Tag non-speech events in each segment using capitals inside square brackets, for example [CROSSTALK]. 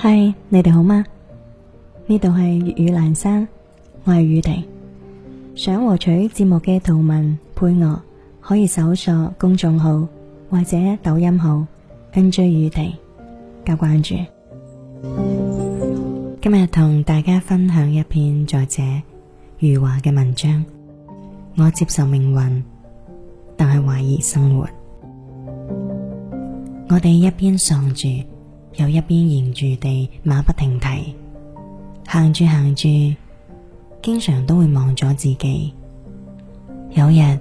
嗨，Hi，你哋好嗎？呢度係粵語蘭山，我係雨婷。想獲取節目嘅圖文配樂，可以搜索公眾號或者抖音號跟住雨婷加關注。今日同大家分享一篇作者余華嘅文章。我接受命運，但係懷疑生活。我哋一邊喪住。有一邊沿住地馬不停蹄行住行住，經常都會忘咗自己。有日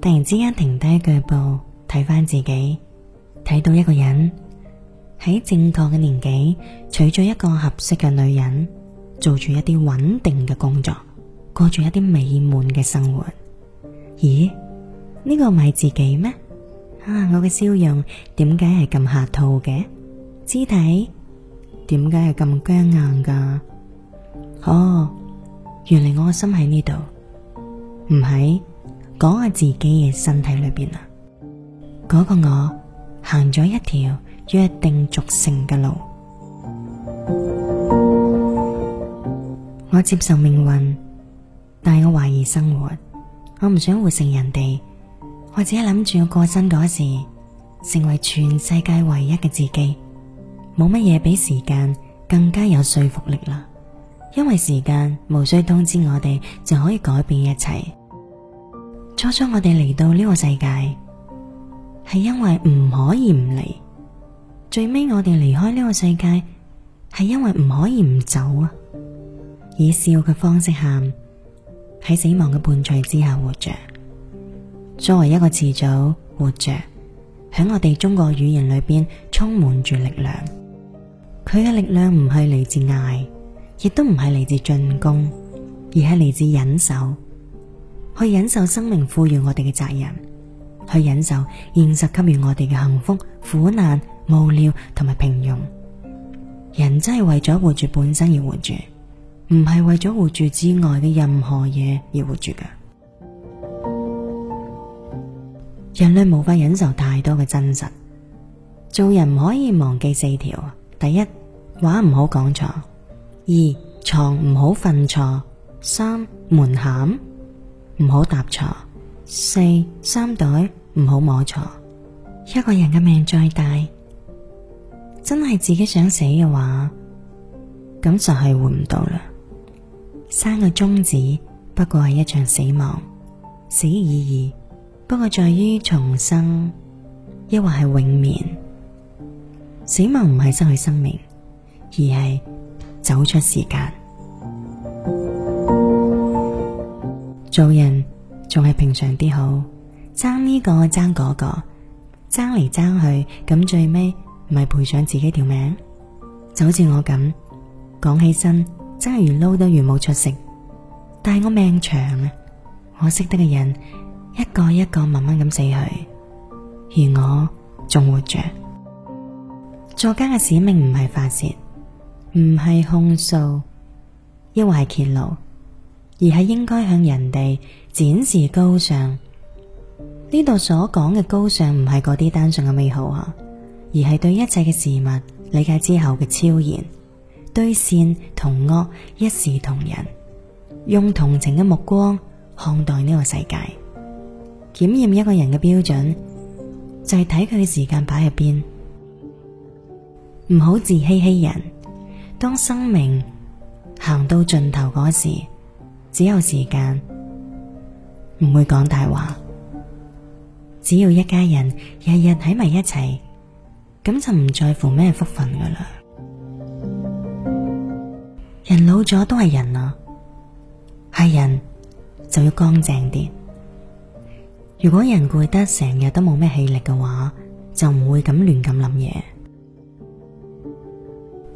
突然之間停低腳步，睇翻自己，睇到一個人喺正確嘅年紀娶咗一個合適嘅女人，做住一啲穩定嘅工作，過住一啲美滿嘅生活。咦？呢個唔係自己咩？啊！我嘅笑容點解係咁客套嘅？肢體點解係咁僵硬噶？哦，原嚟我個心喺呢度，唔喺嗰個自己嘅身體裏邊啊。嗰、嗰個我行咗一條約定俗成嘅路， [MUSIC] 我接受命運，但係我懷疑生活。我唔想活成人哋，或者諗住我要過身嗰時成為全世界唯一嘅自己。冇乜嘢比時間更加有說服力啦，因為時間無需通知我哋就可以改變一切。初初我哋嚟到呢個世界，係因為唔可以唔嚟；最尾我哋離開呢個世界，係因為唔可以唔走啊！以笑嘅方式喊，喺死亡嘅伴隨之下活着。作為一個詞組，活着喺我哋中國語言裏邊充滿住力量。佢嘅力量唔係嚟自嗌，亦都唔係嚟自進攻，而係嚟自忍受，去忍受生命賦予我哋嘅責任，去忍受現實給予我哋嘅幸福、苦難、無聊同埋平庸。人真係為咗活住本身而活住，唔係為咗活住之外嘅任何嘢而活住㗎。人類無法忍受太多嘅真實，做人唔可以忘記四條。第一話唔好講錯，二床唔好瞓錯，三門檻唔好搭錯，四衫袋唔好摸錯。一個人嘅命再大，真係自己想死嘅話，咁就係換唔到啦。生嘅宗旨不過係一場死亡，死而已，已，不過在於重生，抑或係永眠。死亡唔係失去生命，而係走出時間。 [MUSIC] 做人仲係平常啲好，爭呢個爭嗰個，爭嚟爭去，咁最尾唔係賠上自己條命。就好似我咁，講起身真係越撈得越冇出息。但係我命長啊，我識得嘅人一個一個慢慢咁死去，而我仲活着。作家嘅使命唔係發洩，唔係控訴，抑或係揭露，而係應該向人哋展示高尚。呢度所講嘅高尚，唔係嗰啲單純嘅美好啊，而係對一切嘅事物理解之後嘅超然，對善同惡一視同仁，用同情嘅目光看待呢個世界。檢驗一個人嘅標準，就係睇佢嘅時間擺喺邊。唔好自欺欺人。當生命行到盡頭嗰時，只有時間，唔會講大話。只要一家人日日喺埋一齊，咁就唔在乎咩福分噶啦。人老咗都係人啊，係人，就要乾淨啲。如果人攰得成日都冇咩氣力嘅話，就唔會咁亂咁諗嘢。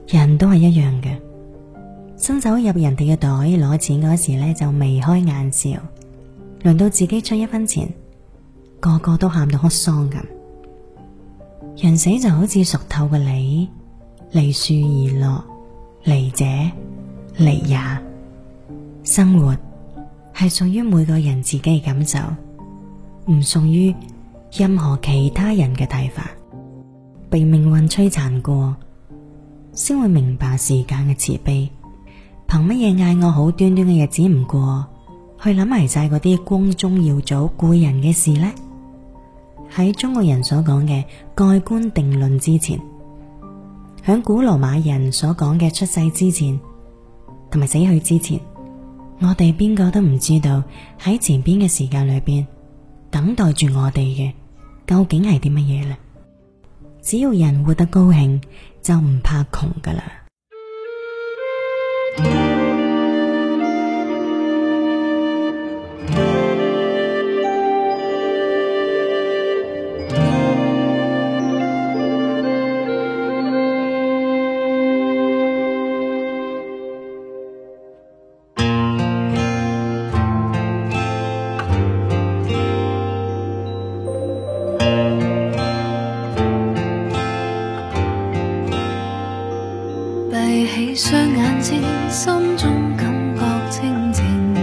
人都係一樣嘅，伸手入人哋嘅袋攞錢嗰時呢就眉開眼笑，輪到自己出一分錢，個個都喊到哭喪咁。人死就好似熟透嘅梨，離樹而落，離者離也。生活係屬於每個人自己嘅感受，唔屬於任何其他人嘅睇法。被命運摧殘過，先會明白時間嘅慈悲，憑乜嘢嗌我好端端嘅日子唔過去諗埋晒嗰啲光宗耀祖、故人嘅事呢？喺中國人所講嘅蓋棺定論之前，響古羅馬人所講嘅出世之前同埋死去之前，我哋邊個都唔知道喺前邊嘅時間裏邊等待住我哋嘅究竟係啲乜嘢呢？只要人活得高興，就唔怕窮噶啦。 [NOISE] 閉上眼睛，心中感覺清靜，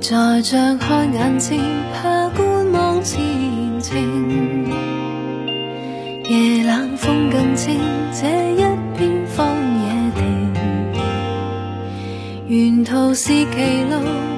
再張開眼睛，怕觀望前程。夜冷風更清，這一片荒野地，沿途是歧路。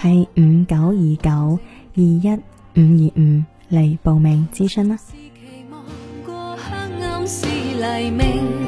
係五九二九二一五二五嚟，報名諮詢啦，啊。 [MUSIC]